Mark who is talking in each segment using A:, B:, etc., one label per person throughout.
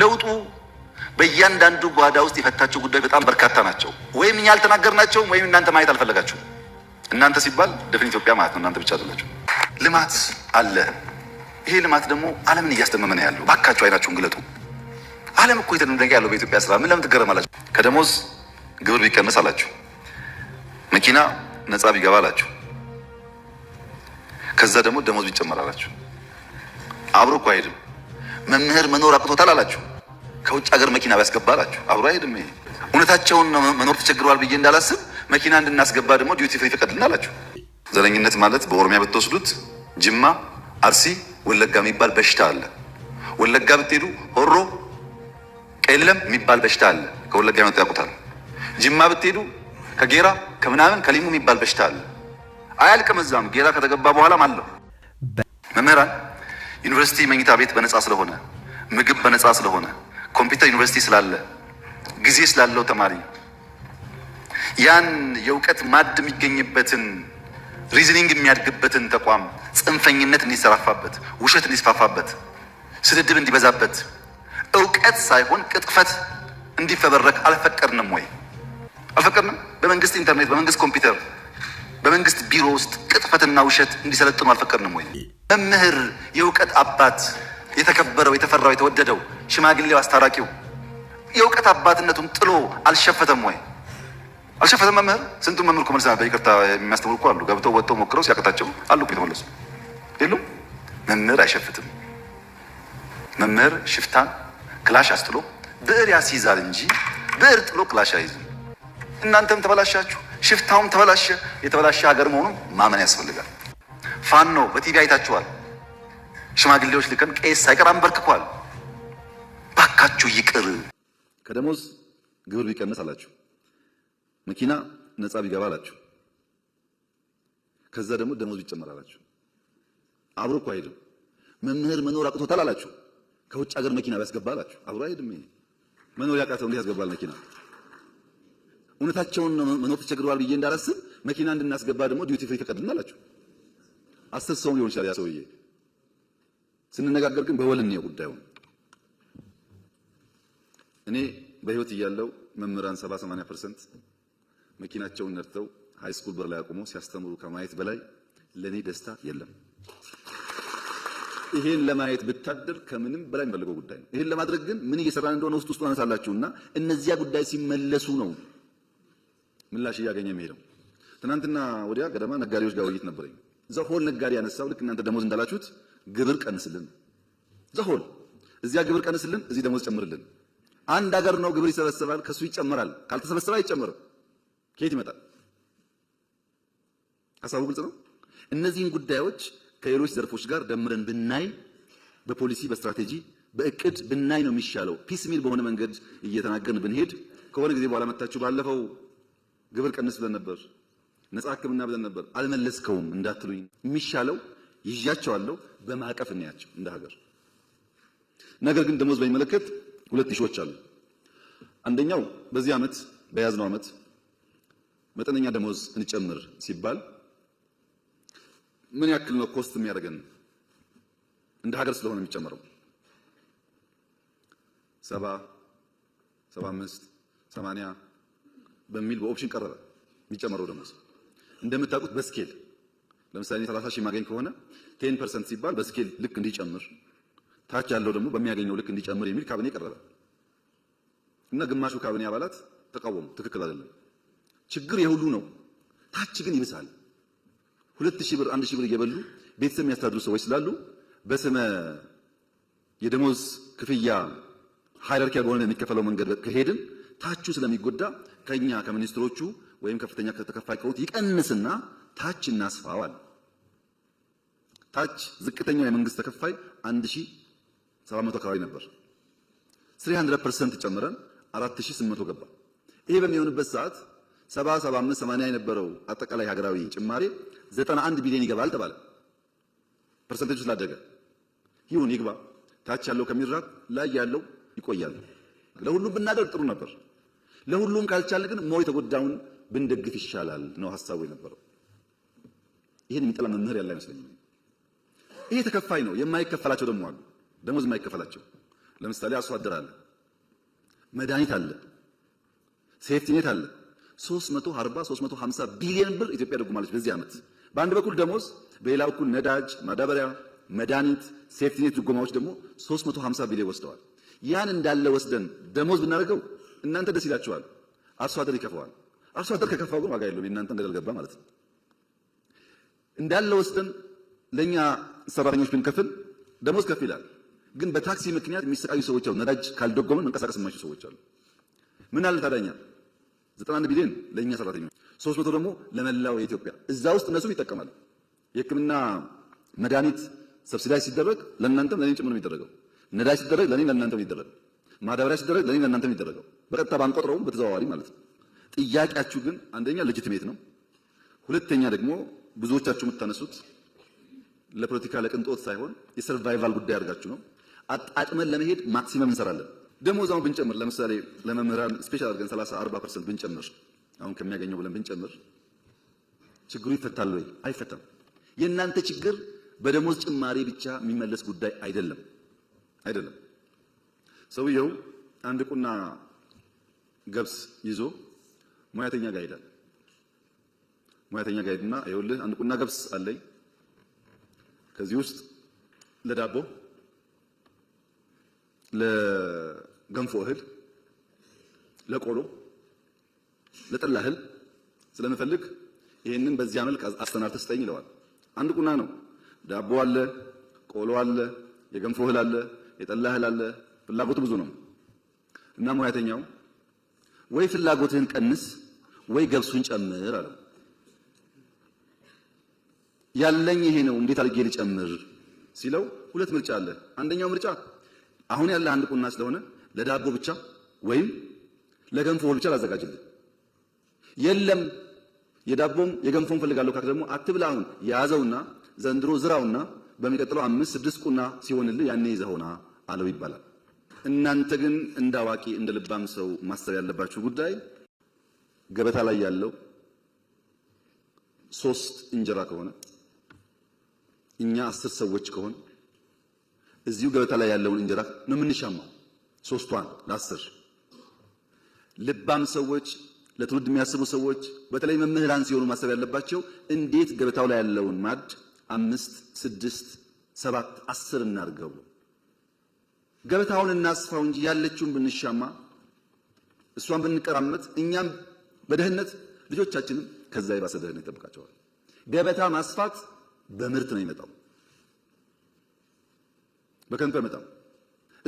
A: ለውጡ በእያንዳንዱ ጓዳ ውስጥ የፈታቸው ጉዳዮች በጣም በርካታ ናቸው። ወይም እኛ አልተናገርናቸውም ወይም እናንተ ማየት አልፈለጋችሁም። እናንተ ሲባል ደፍን ኢትዮጵያ ማለት ነው። እናንተ ብቻ አይደላችሁ። ልማት አለ። ይሄ ልማት ደግሞ ዓለምን እያስደመመ ነው ያለው። ባካችሁ አይናችሁን ግለጡ። ዓለም እኮ የተደነቀ ያለው በኢትዮጵያ ስራ ምን ለምን ትገረማላችሁ? ከደሞዝ ግብር ቢቀነስ አላችሁ፣ መኪና ነፃ ቢገባ አላችሁ፣ ከዛ ደግሞ ደሞዝ ቢጨመር አላችሁ። አብሮ እኮ አይሄድም። መምህር መኖር አቅቶታል አላችሁ። ከውጭ ሀገር መኪና ቢያስገባ አላችሁ። አብሮ አይሄድም። ይሄ እውነታቸውን መኖር ተቸግረዋል ብዬ እንዳላስብ መኪና እንድናስገባ ደግሞ ዲዩቲ ፍሪ ፈቀድልን አላችሁ። ዘረኝነት ማለት በኦሮሚያ ብትወስዱት ጅማ፣ አርሲ፣ ወለጋ የሚባል በሽታ አለ። ወለጋ ብትሄዱ ሆሮ ቀለም የሚባል በሽታ አለ። ከወለጋ የመጡ ያውቁታል። ጅማ ብትሄዱ ከጌራ ከምናምን ከሊሙ የሚባል በሽታ አለ። አያልቅም። እዛም ጌራ ከተገባ በኋላም አለው መምህራን ዩኒቨርሲቲ መኝታ ቤት በነፃ ስለሆነ፣ ምግብ በነፃ ስለሆነ፣ ኮምፒውተር ዩኒቨርሲቲ ስላለ፣ ጊዜ ስላለው ተማሪ ያን የእውቀት ማድ የሚገኝበትን ሪዝኒንግ የሚያድግበትን ተቋም ጽንፈኝነት እንዲሰራፋበት፣ ውሸት እንዲስፋፋበት፣ ስድድብ እንዲበዛበት፣ እውቀት ሳይሆን ቅጥፈት እንዲፈበረክ አልፈቀድንም ወይ? አልፈቀድንም። በመንግስት ኢንተርኔት፣ በመንግስት ኮምፒውተር በመንግስት ቢሮ ውስጥ ቅጥፈትና ውሸት እንዲሰለጥኑ አልፈቀድንም ወይ? መምህር፣ የእውቀት አባት፣ የተከበረው፣ የተፈራው፣ የተወደደው ሽማግሌው፣ አስታራቂው የእውቀት አባትነቱን ጥሎ አልሸፈተም ወይ? አልሸፈተም መምህር። ስንቱ መምህር እኮ መልስ በይቅርታ የሚያስተምሩ እኮ አሉ። ገብተው ወጥተው ሞክረው ሲያቅታቸው አሉ እኮ የተመለሱ የሉም። መምህር አይሸፍትም። መምህር ሽፍታን ክላሽ አስጥሎ ብዕር ያስይዛል እንጂ ብዕር ጥሎ ክላሽ አይዝም። እናንተም ተበላሻችሁ። ሽፍታውም ተበላሸ። የተበላሸ ሀገር መሆኑን ማመን ያስፈልጋል። ፋኖ በቲቪ አይታችኋል። ሽማግሌዎች ልከን ቄስ ሳይቀር አንበርክኳል። ባካችሁ ይቅር። ከደሞዝ ግብር ቢቀነስ አላችሁ፣ መኪና ነፃ ቢገባ አላችሁ፣ ከዛ ደግሞ ደሞዝ ቢጨመር አላችሁ። አብሮ እኮ አይሄድም። መምህር መኖር አቅቶታል አላችሁ፣ ከውጭ ሀገር መኪና ቢያስገባ አላችሁ። አብሮ አይሄድም። መኖር ያቃተው እንዲህ ያስገባል መኪና እውነታቸውን መኖር ተቸግረዋል ብዬ እንዳላስብ መኪና እንድናስገባ ደግሞ ዲዩቲ ፍሪ ፈቀድልን አላቸው። አስር ሰው ሊሆን ይችላል ያ ሰውዬ። ስንነጋገር ግን በወል ነው ጉዳዩ። እኔ በህይወት እያለው መምህራን 70 80% መኪናቸውን ነድተው ሃይስኩል በር ላይ አቁሞ ሲያስተምሩ ከማየት በላይ ለኔ ደስታ የለም። ይሄን ለማየት ብታደር ከምንም በላይ የሚፈልገው ጉዳይ ነው። ይሄን ለማድረግ ግን ምን እየሰራን እንደሆነ ውስጥ ውስጥ አነሳላችሁና እነዚያ ጉዳይ ሲመለሱ ነው ምላሽ እያገኘ የሚሄደው። ትናንትና ወዲያ ገደማ ነጋዴዎች ጋር ውይይት ነበረኝ። ዘሆል ነጋዴ ያነሳው ልክ እናንተ ደሞዝ እንዳላችሁት ግብር ቀንስልን፣ ዘሆል እዚያ ግብር ቀንስልን፣ እዚህ ደሞዝ ጨምርልን። አንድ ሀገር ነው ግብር ይሰበሰባል፣ ከሱ ይጨመራል። ካልተሰበሰበ አይጨመርም። ከየት ይመጣል? ሀሳቡ ግልጽ ነው። እነዚህን ጉዳዮች ከሌሎች ዘርፎች ጋር ደምረን ብናይ በፖሊሲ በስትራቴጂ በእቅድ ብናይ ነው የሚሻለው። ፒስ ሚል በሆነ መንገድ እየተናገርን ብንሄድ ከሆነ ጊዜ በኋላ መታችሁ ባለፈው ግብር ቀንስ ብለን ነበር፣ ነፃ ሕክምና ብለን ነበር። አልመለስከውም እንዳትሉኝ የሚሻለው ይዣቸዋለሁ በማዕቀፍ እናያቸው እንደ ሀገር። ነገር ግን ደሞዝ በሚመለከት ሁለት ሾዎች አሉ። አንደኛው በዚህ ዓመት በያዝነው ዓመት መጠነኛ ደሞዝ እንጨምር ሲባል ምን ያክል ነው ኮስት የሚያደርገን እንደ ሀገር ስለሆነ የሚጨምረው ሰባ ሰባ አምስት ሰማንያ በሚል በኦፕሽን ቀረበ የሚጨመረው ደሞዝ። እንደምታውቁት በስኬል ለምሳሌ 30 ሺህ ማገኝ ከሆነ 10% ሲባል በስኬል ልክ እንዲጨምር ታች ያለው ደግሞ በሚያገኘው ልክ እንዲጨምር የሚል ካቢኔ ቀረበ እና ግማሹ ካቢኔ አባላት ተቃወሙ። ትክክል አይደለም፣ ችግር የሁሉ ነው፣ ታች ግን ይብሳል። 2000 ብር 1000 ሺህ ብር እየበሉ ቤተሰብ የሚያስተዳድሩ ሰዎች ስላሉ በስመ የደሞዝ ክፍያ ሃይራርኪያ በሆነ የሚከፈለው መንገድ ከሄድን ታቹ ስለሚጎዳ ከኛ ከሚኒስትሮቹ ወይም ከፍተኛ ተከፋይ ከሆኑት ይቀንስና ታች እናስፋዋል። ታች ዝቅተኛ የመንግስት ተከፋይ 1700 አካባቢ ነበር። 300% ጨምረን 4800 ገባ። ይሄ በሚሆንበት ሰዓት 70 75 80 የነበረው አጠቃላይ ሀገራዊ ጭማሬ 91 ቢሊዮን ይገባል ተባለ። ፐርሰንቴጁ ስላደገ ይሁን ይግባ። ታች ያለው ከሚራብ ላይ ያለው ይቆያል። ለሁሉም ብናደርግ ጥሩ ነበር። ለሁሉም ካልቻለ ግን ሞር የተጎዳውን ብንደግፍ ይሻላል ነው ሀሳቡ የነበረው። ይሄን የሚጠላ መምህር ያለ አይመስለኝም። ይሄ ተከፋይ ነው። የማይከፈላቸው ደግሞ አሉ፣ ደሞዝ የማይከፈላቸው ለምሳሌ አርሶ አደር አለ፣ መድኃኒት አለ፣ ሴፍቲኔት አለ። 340 350 ቢሊዮን ብር ኢትዮጵያ ደጉማለች በዚህ ዓመት። በአንድ በኩል ደሞዝ፣ በሌላ በኩል ነዳጅ፣ ማዳበሪያ፣ መድኃኒት፣ ሴፍቲኔት ድጎማዎች ደግሞ 350 ቢሊዮን ወስደዋል። ያን እንዳለ ወስደን ደሞዝ ብናደርገው እናንተ ደስ ይላችኋል፣ አርሶ አደር ይከፋዋል። አርሶ አደር ከከፋው ግን ዋጋ የለውም፣ የእናንተ ገደል ማለት ነው። እንዳለ ወስደን ለኛ ሰራተኞች ብንከፍል ደሞዝ ከፍ ይላል፣ ግን በታክሲ ምክንያት የሚሰቃዩ ሰዎች አሉ። ነዳጅ ካልደጎመን መንቀሳቀስ የማይችሉ ሰዎች አሉ። ምን አለ ታዲያኛ 91 ቢሊዮን ለኛ ሰራተኞች፣ 300 ደግሞ ለመላው የኢትዮጵያ። እዛ ውስጥ እነሱም ይጠቀማሉ የህክምና መድኃኒት ሰብሲዳይ ሲደረግ ለእናንተም ለእኔም ጭምር ነው የሚደረገው። ነዳጅ ሲደረግ ለእኔም ለእናንተም ይደረገው። ማዳበሪያ ሲደረግ ለእኔም ለእናንተም ይደረገው። በቀጥታ ባንቆጥረውም በተዘዋዋሪ ማለት ነው። ጥያቄያችሁ ግን አንደኛ ሌጂቲሜት ነው፣ ሁለተኛ ደግሞ ብዙዎቻችሁ የምታነሱት ለፖለቲካ ለቅንጦት ሳይሆን የሰርቫይቫል ጉዳይ አድርጋችሁ ነው። አጣጥመን ለመሄድ ማክሲመም እንሰራለን። ደሞዛውን ብንጨምር ለምሳሌ ለመምህራን ስፔሻል አድርገን 30 40 ፐርሰንት ብንጨምር አሁን ከሚያገኘው ብለን ብንጨምር ችግሩ ይፈታል ወይ? አይፈታም። የእናንተ ችግር በደሞዝ ጭማሪ ብቻ የሚመለስ ጉዳይ አይደለም አይደለም። ሰውየው አንድ ቁና ገብስ ይዞ ሙያተኛ ጋር ይሄዳል። ሙያተኛ ጋር ሄድና ይኸውልህ አንድ ቁና ገብስ አለኝ ከዚህ ውስጥ ለዳቦ ለገንፎ እህል ለቆሎ ለጠላ እህል ስለምፈልግ ይህንን በዚያ መልክ አስተናርተህ ስጠኝ ይለዋል። አንድ ቁና ነው። ዳቦ አለ፣ ቆሎ አለ፣ የገንፎ እህል አለ፣ የጠላ እህል አለ። ፍላጎቱ ብዙ ነው እና ሙያተኛው ወይ ፍላጎትህን ቀንስ ወይ ገብሱን ጨምር አለ። ያለኝ ይሄ ነው፣ እንዴት አድርጌ ልጨምር ሲለው ሁለት ምርጫ አለ። አንደኛው ምርጫ አሁን ያለ አንድ ቁና ስለሆነ ለዳቦ ብቻ ወይም ለገንፎ ብቻ ላዘጋጅልህ። የለም የዳቦም የገንፎም ፈልጋለሁ ካክ ደግሞ አትብላ። አሁን ያዘውና ዘንድሮ ዝራውና በሚቀጥለው አምስት ስድስት ቁና ሲሆንልህ ያኔ ይዘውና አለው ይባላል። እናንተ ግን እንደ አዋቂ እንደ ልባም ሰው ማሰብ ያለባችሁ ጉዳይ ገበታ ላይ ያለው ሶስት እንጀራ ከሆነ እኛ አስር ሰዎች ከሆነ እዚሁ ገበታ ላይ ያለውን እንጀራ ነው የምንሻማው። ሶስቷን ለአስር ልባም ሰዎች፣ ለትውልድ የሚያስቡ ሰዎች በተለይ መምህራን ሲሆኑ ማሰብ ያለባቸው እንዴት ገበታው ላይ ያለውን ማድ አምስት፣ ስድስት፣ ሰባት፣ አስር እናድርገው። ገበታውን እናስፋው እንጂ ያለችውን ብንሻማ እሷን ብንቀራመት እኛም በደህንነት ልጆቻችንም ከዛ የባሰ ደህንነት ይጠብቃቸዋል። ገበታ ማስፋት በምርት ነው የሚመጣው፣ በከንቱ አይመጣም።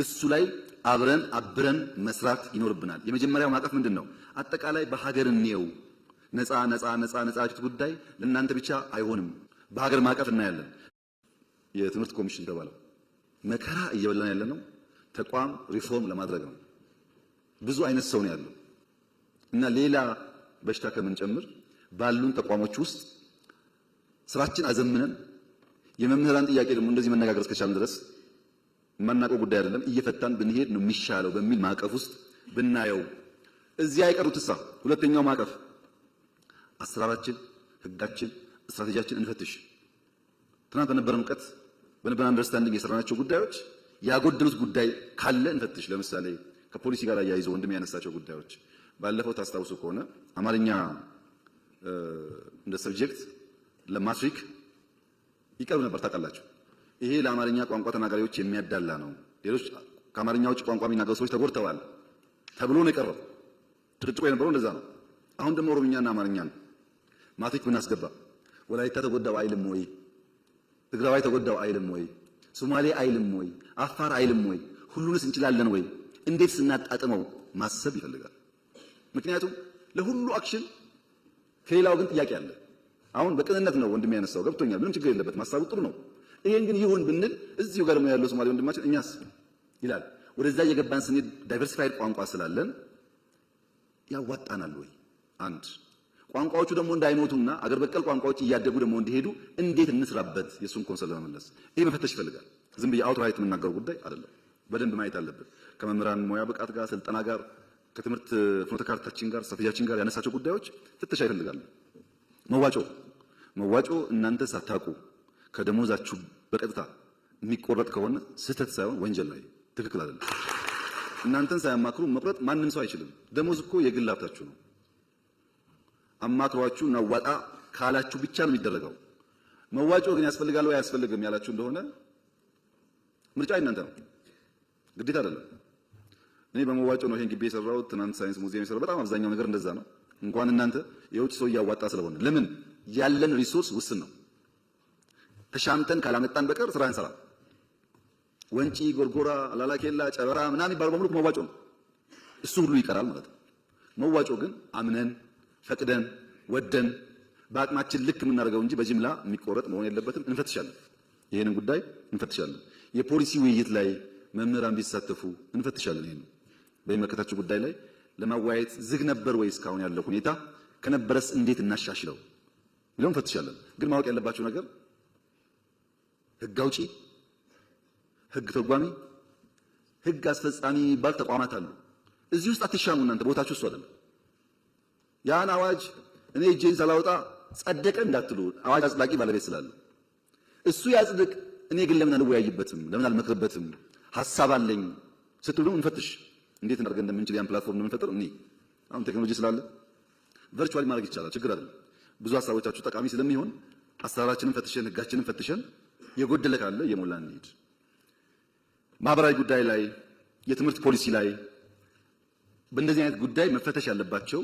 A: እሱ ላይ አብረን አብረን መስራት ይኖርብናል። የመጀመሪያው ማዕቀፍ ምንድን ነው? አጠቃላይ በሀገር እንየው። ነፃ ነፃ ነፃ ነፃ ጉዳይ ለእናንተ ብቻ አይሆንም። በሀገር ማዕቀፍ እናያለን። የትምህርት ኮሚሽን ተባለው መከራ እየበላን ያለ ነው። ተቋም ሪፎርም ለማድረግ ነው። ብዙ አይነት ሰው ነው ያለው እና ሌላ በሽታ ከምንጨምር ባሉን ተቋሞች ውስጥ ስራችን አዘምነን የመምህራን ጥያቄ ደግሞ እንደዚህ መነጋገር እስከቻልን ድረስ የማናውቀው ጉዳይ አይደለም፣ እየፈታን ብንሄድ ነው የሚሻለው በሚል ማዕቀፍ ውስጥ ብናየው እዚህ አይቀሩት እሳ ሁለተኛው ማዕቀፍ አሰራራችን፣ ህጋችን፣ ስትራቴጂያችን እንፈትሽ። ትናንት በነበረን እውቀት በነበረን አንደርስታንዲንግ የሰራናቸው ጉዳዮች ያጎደሉት ጉዳይ ካለ እንፈትሽ። ለምሳሌ ከፖሊሲ ጋር አያይዞ ወንድም ያነሳቸው ጉዳዮች ባለፈው ታስታውሱ ከሆነ አማርኛ እንደ ሰብጀክት ለማትሪክ ይቀርብ ነበር ታውቃላችሁ። ይሄ ለአማርኛ ቋንቋ ተናጋሪዎች የሚያዳላ ነው፣ ሌሎች ከአማርኛ ውጭ ቋንቋ የሚናገሩ ሰዎች ተጎድተዋል ተብሎ ነው የቀረው። ጭቅጭቆ የነበረው እንደዛ ነው። አሁን ደግሞ ኦሮምኛና አማርኛ ነው። ማትሪክ ብናስገባ ወላይታ ተጎዳው አይልም ወይ? ትግራዋይ ተጎዳው አይልም ወይ? ሶማሌ አይልም ወይ? አፋር አይልም ወይ? ሁሉንስ እንችላለን ወይ? እንዴት ስናጣጥመው ማሰብ ይፈልጋል። ምክንያቱም ለሁሉ አክሽን ከሌላው ግን ጥያቄ አለ። አሁን በቅንነት ነው ወንድም ያነሳው፣ ገብቶኛል። ምንም ችግር የለበት፣ ማሳቡ ጥሩ ነው። ይሄን ግን ይሁን ብንል እዚሁ ጋር ነው ያለው ሶማሌ ወንድማችን እኛስ ይላል። ወደዛ እየገባን ስንሄድ ዳይቨርሲፋይድ ቋንቋ ስላለን ያዋጣናል ወይ አንድ ቋንቋዎቹ ደግሞ እንዳይሞቱና አገር በቀል ቋንቋዎች እያደጉ ደግሞ እንዲሄዱ እንዴት እንስራበት? የእሱን ኮንሰል ለመመለስ ይህ መፈተሽ ይፈልጋል። ዝም ብዬ አውትራይት የምናገረው ጉዳይ አይደለም። በደንብ ማየት አለብን። ከመምህራን ሙያ ብቃት ጋር፣ ስልጠና ጋር፣ ከትምህርት ፍኖተ ካርታችን ጋር፣ ስትራቴጂያችን ጋር ያነሳቸው ጉዳዮች ፍተሻ ይፈልጋሉ። መዋጮ መዋጮ እናንተ ሳታውቁ ከደሞዛችሁ በቀጥታ የሚቆረጥ ከሆነ ስህተት ሳይሆን ወንጀል ላይ ትክክል አይደለም። እናንተን ሳያማክሩ መቁረጥ ማንም ሰው አይችልም። ደሞዝ እኮ የግል ሀብታችሁ ነው። አማክሯችሁ እናዋጣ ካላችሁ ብቻ ነው የሚደረገው። መዋጮ ግን ያስፈልጋል ወይ አያስፈልግም ያላችሁ እንደሆነ ምርጫ እናንተ ነው፣ ግዴታ አይደለም። እኔ በመዋጮ ነው ይሄን ግቢ የሰራሁት፣ ትናንት ሳይንስ ሙዚየም የሰራሁት፣ በጣም አብዛኛው ነገር እንደዛ ነው። እንኳን እናንተ የውጭ ሰው እያዋጣ ስለሆነ ለምን ያለን ሪሶርስ ውስን ነው። ተሻምተን ካላመጣን በቀር ስራ አንሰራም? ወንጪ፣ ጎርጎራ፣ ላላኬላ፣ ጨበራ ምናምን የሚባለው በሙሉ መዋጮ ነው። እሱ ሁሉ ይቀራል ማለት ነው። መዋጮ ግን አምነን ፈቅደን ወደን በአቅማችን ልክ የምናደርገው እንጂ በጅምላ የሚቆረጥ መሆን የለበትም። እንፈትሻለን፣ ይህንን ጉዳይ እንፈትሻለን። የፖሊሲ ውይይት ላይ መምህራን ቢሳተፉ እንፈትሻለን። ይህ በሚመለከታቸው ጉዳይ ላይ ለማወያየት ዝግ ነበር ወይ? እስካሁን ያለው ሁኔታ ከነበረስ እንዴት እናሻሽለው ይለው እንፈትሻለን። ግን ማወቅ ያለባቸው ነገር ህግ አውጪ፣ ህግ ተጓሚ ህግ አስፈጻሚ የሚባል ተቋማት አሉ። እዚህ ውስጥ አትሻሙ እናንተ ቦታችሁ እሱ አይደለም። ያን አዋጅ እኔ እጄን ሳላወጣ ጸደቀ እንዳትሉ፣ አዋጅ አጽዳቂ ባለቤት ስላለው እሱ ያጽድቅ፣ እኔ ግን ለምን አልወያይበትም? ለምን አልመክርበትም? ሀሳብ አለኝ ስትሉ እንፈትሽ። እንዴት እናድርገን እንደምንችል ያን ፕላትፎርም እንደምንፈጥር እኔ አሁን ቴክኖሎጂ ስላለ ቨርቹዋሊ ማድረግ ይቻላል። ችግር አይደለም። ብዙ ሀሳቦቻችሁ ጠቃሚ ስለሚሆን አሰራራችንን ፈትሸን ህጋችንን ፈትሸን የጎደለ ካለ የሞላ እንሄድ። ማህበራዊ ጉዳይ ላይ፣ የትምህርት ፖሊሲ ላይ በእንደዚህ አይነት ጉዳይ መፈተሽ ያለባቸው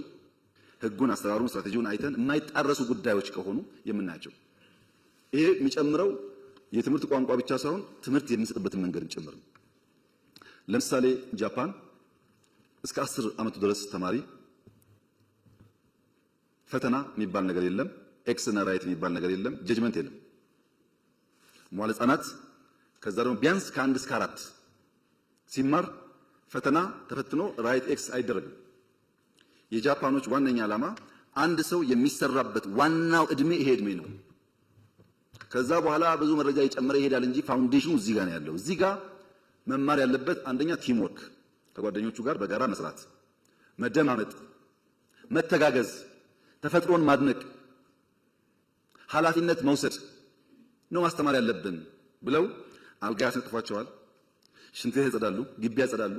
A: ህጉን፣ አሰራሩን፣ ስትራቴጂውን አይተን የማይጣረሱ ጉዳዮች ከሆኑ የምናያቸው ይሄ የሚጨምረው የትምህርት ቋንቋ ብቻ ሳይሆን ትምህርት የምንሰጥበትን መንገድ ጭምር ነው። ለምሳሌ ጃፓን እስከ አስር ዓመቱ ድረስ ተማሪ ፈተና የሚባል ነገር የለም። ኤክስ እና ራይት የሚባል ነገር የለም። ጀጅመንት የለም። መዋለ ህጻናት ከዛ ደግሞ ቢያንስ ከአንድ እስከ አራት ሲማር ፈተና ተፈትኖ ራይት ኤክስ አይደረግም። የጃፓኖች ዋነኛ ዓላማ አንድ ሰው የሚሰራበት ዋናው እድሜ ይሄ እድሜ ነው። ከዛ በኋላ ብዙ መረጃ እየጨመረ ይሄዳል እንጂ ፋውንዴሽኑ እዚህ ጋር ነው ያለው። እዚህ ጋር መማር ያለበት አንደኛ ቲም ወርክ፣ ከጓደኞቹ ጋር በጋራ መስራት፣ መደማመጥ፣ መተጋገዝ፣ ተፈጥሮን ማድነቅ፣ ኃላፊነት መውሰድ ነው ማስተማር ያለብን ብለው አልጋ ያስነጥፏቸዋል፣ ሽንት ያጸዳሉ፣ ግቢ ያጸዳሉ።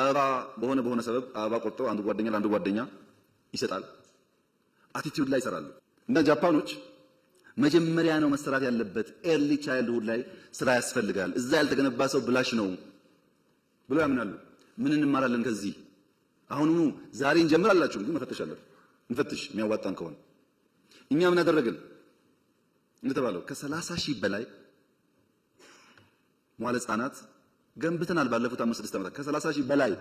A: አበባ በሆነ በሆነ ሰበብ አበባ ቆርጠው አንዱ ጓደኛ ለአንዱ ጓደኛ ይሰጣል። አቲቲዩድ ላይ ይሰራሉ እና ጃፓኖች መጀመሪያ ነው መሰራት ያለበት። ኤርሊ ቻይልድሁድ ላይ ስራ ያስፈልጋል። እዛ ያልተገነባ ሰው ብላሽ ነው ብለው ያምናሉ። ምን እንማራለን ከዚህ? አሁኑኑ ዛሬ እንጀምራላችሁ አላችሁ ግን መፈተሽ አለን። እንፈትሽ የሚያዋጣን ከሆነ እኛ ምን አደረግን እንደተባለው ከሰላሳ ሺህ በላይ መዋለ ህጻናት ገንብተናል። ባለፉት አምስት ስድስት ዓመታት ከሰላሳ ሺህ በላይ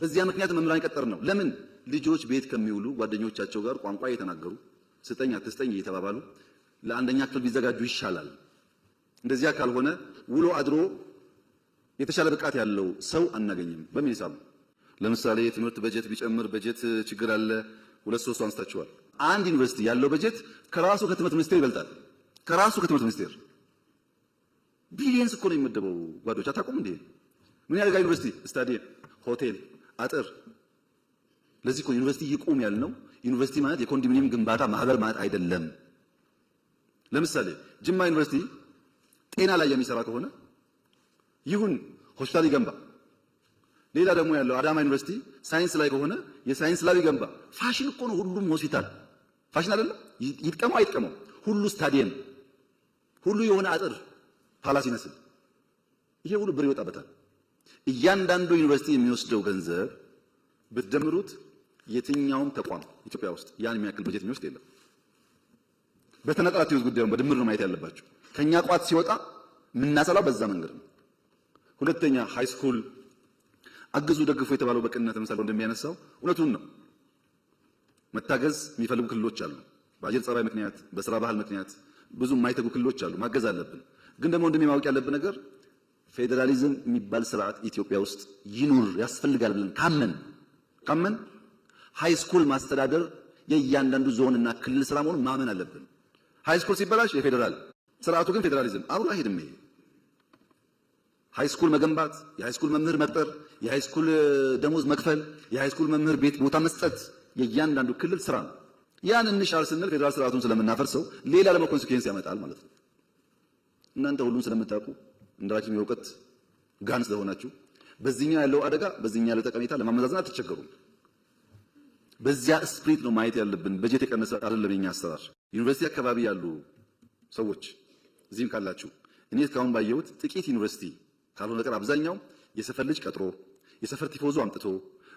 A: በዚያ ምክንያት መምህራን የቀጠር ነው። ለምን ልጆች ቤት ከሚውሉ ጓደኞቻቸው ጋር ቋንቋ እየተናገሩ ስጠኝ አትስጠኝ እየተባባሉ ለአንደኛ ክፍል ቢዘጋጁ ይሻላል። እንደዚያ ካልሆነ ውሎ አድሮ የተሻለ ብቃት ያለው ሰው አናገኝም። በምን ሂሳብ ነው? ለምሳሌ የትምህርት በጀት ቢጨምር በጀት ችግር አለ። ሁለት ሶስቱ አንስታችኋል። አንድ ዩኒቨርሲቲ ያለው በጀት ከራሱ ከትምህርት ሚኒስቴር ይበልጣል። ከራሱ ከትምህርት ሚኒስቴር ቢሊየንስ እኮ ነው የሚመደበው። ጓዶች አታውቁም እንዴ? ምን ያደርጋ ዩኒቨርሲቲ? ስታዲየም፣ ሆቴል፣ አጥር። ለዚህ እኮ ዩኒቨርሲቲ ይቁም ያልነው። ዩኒቨርሲቲ ማለት የኮንዶሚኒየም ግንባታ ማህበር ማለት አይደለም። ለምሳሌ ጅማ ዩኒቨርሲቲ ጤና ላይ የሚሰራ ከሆነ ይሁን ሆስፒታል ይገንባ። ሌላ ደግሞ ያለው አዳማ ዩኒቨርሲቲ ሳይንስ ላይ ከሆነ የሳይንስ ላብ ይገንባ። ፋሽን እኮ ነው ሁሉም ሆስፒታል ፋሽን አይደለም። ይጥቀመው አይጥቀመው ሁሉ ስታዲየም ሁሉ የሆነ አጥር ኋላ ሲመስል ይሄ ሁሉ ብር ይወጣበታል። እያንዳንዱ ዩኒቨርሲቲ የሚወስደው ገንዘብ ብትደምሩት የትኛውም ተቋም ኢትዮጵያ ውስጥ ያን የሚያክል በጀት የሚወስድ የለም። በተነጠላችሁ ጉዳዩን በድምር ነው ማየት ያለባቸው። ከኛ ቋት ሲወጣ የምናሰላው በዛ መንገድ ነው። ሁለተኛ ሃይ ስኩል አግዙ ደግፎ የተባለው በቅንነት ተመሳል እንደሚያነሳው እውነቱን ነው። መታገዝ የሚፈልጉ ክልሎች አሉ። በአየር ጸባይ ምክንያት፣ በስራ ባህል ምክንያት ብዙ የማይተጉ ክልሎች አሉ። ማገዝ አለብን። ግን ደግሞ ወንድሜ ማወቅ ያለብን ነገር ፌዴራሊዝም የሚባል ስርዓት ኢትዮጵያ ውስጥ ይኑር ያስፈልጋል ብለን ካመን ካመን ሃይስኩል ማስተዳደር የእያንዳንዱ ዞን እና ክልል ስራ መሆኑን ማመን አለብን። ሃይስኩል ሲበላሽ የፌዴራል ስርዓቱ ግን ፌዴራሊዝም አብሮ አይሄድም። ይሄ ሃይስኩል መገንባት፣ የሃይስኩል መምህር መቅጠር፣ የሃይስኩል ደሞዝ መክፈል፣ የሃይስኩል መምህር ቤት ቦታ መስጠት የእያንዳንዱ ክልል ስራ ነው። ያን እንሻል ስንል ፌዴራል ስርዓቱን ስለምናፈርሰው ሌላ ደግሞ ኮንሲኩዌንስ ያመጣል ማለት ነው። እናንተ ሁሉን ስለምታውቁ እንደራችሁም የእውቀት ጋን ስለሆናችሁ በዚህኛው ያለው አደጋ በዚህኛው ያለው ጠቀሜታ ለማመዛዘን አትቸገሩም። በዚያ ስፕሪት ነው ማየት ያለብን። በጀት የቀነሰ አይደለም የኛ አሰራር። ዩኒቨርሲቲ አካባቢ ያሉ ሰዎች እዚህም ካላችሁ እኔ እስካሁን ባየሁት ጥቂት ዩኒቨርሲቲ ካልሆነ ቀር አብዛኛው የሰፈር ልጅ ቀጥሮ የሰፈር ቲፎዞ አምጥቶ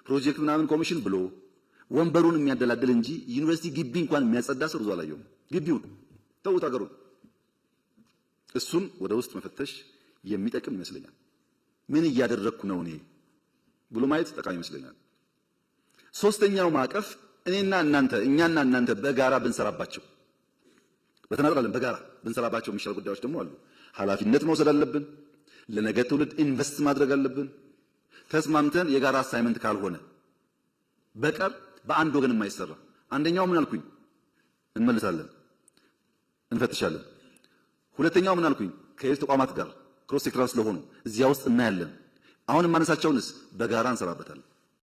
A: ፕሮጀክት ምናምን ኮሚሽን ብሎ ወንበሩን የሚያደላድል እንጂ ዩኒቨርሲቲ ግቢ እንኳን የሚያጸዳ ሰው ብዙ አላየሁም። ግቢውን ተዉት አገሩን እሱን ወደ ውስጥ መፈተሽ የሚጠቅም ይመስለኛል። ምን እያደረግኩ ነው እኔ ብሎ ማየት ጠቃሚ ይመስለኛል። ሶስተኛው ማዕቀፍ እኔና እናንተ እኛና እናንተ በጋራ ብንሰራባቸው በተናጠላለን በጋራ ብንሰራባቸው የሚሻል ጉዳዮች ደግሞ አሉ። ኃላፊነት መውሰድ አለብን። ለነገ ትውልድ ኢንቨስት ማድረግ አለብን። ተስማምተን የጋራ አሳይመንት ካልሆነ በቀር በአንድ ወገን የማይሰራ አንደኛው ምን አልኩኝ፣ እንመልሳለን፣ እንፈትሻለን ሁለተኛው ምን አልኩኝ? ከሌሎች ተቋማት ጋር ክሮስ ሴክተራል ስለሆኑ እዚያ ውስጥ እናያለን። አሁን የማነሳቸውንስ በጋራ እንሰራበታለን።